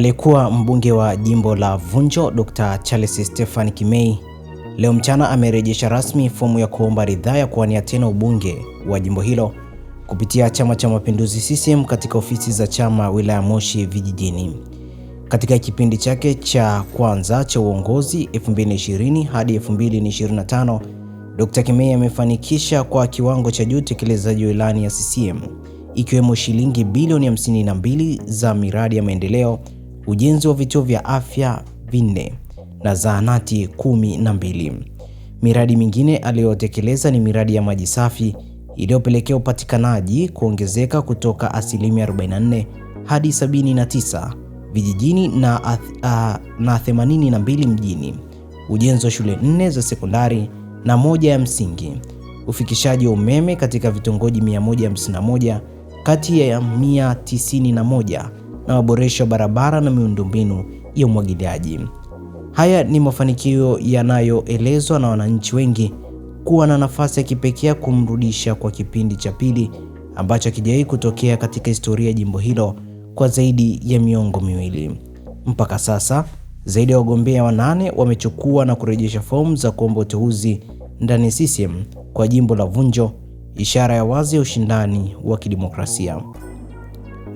Aliyekuwa mbunge wa jimbo la Vunjo Dr. Charles Stephen Kimei leo mchana amerejesha rasmi fomu ya kuomba ridhaa ya kuwania tena ubunge wa jimbo hilo kupitia Chama cha Mapinduzi CCM katika ofisi za chama wilaya Moshi Vijijini. Katika kipindi chake cha kwanza cha uongozi 2020 hadi 2025, Dr. Kimei amefanikisha kwa kiwango cha juu utekelezaji wa ilani ya CCM ikiwemo shilingi bilioni 52 za miradi ya maendeleo ujenzi wa vituo vya afya vinne na zahanati kumi na mbili. Miradi mingine aliyotekeleza ni miradi ya maji safi iliyopelekea upatikanaji kuongezeka kutoka asilimia 44 hadi 79 vijijini na, uh, na 82 mjini, ujenzi wa shule nne za sekondari na moja ya msingi, ufikishaji wa umeme katika vitongoji 151 kati ya 191 na maboresho ya barabara na miundombinu ya umwagiliaji. Haya ni mafanikio yanayoelezwa na wananchi wengi kuwa na nafasi ya kipekee kumrudisha kwa kipindi cha pili ambacho hakijawahi kutokea katika historia ya jimbo hilo kwa zaidi ya miongo miwili. Mpaka sasa zaidi ya wagombea wanane wamechukua na kurejesha fomu za kuomba uteuzi ndani ya CCM kwa jimbo la Vunjo, ishara ya wazi ya ushindani wa kidemokrasia.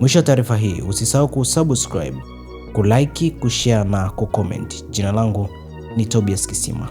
Mwisho wa taarifa hii, usisahau kusubscribe, kulike, kushare na kucomment. Jina langu ni Tobias Kisima.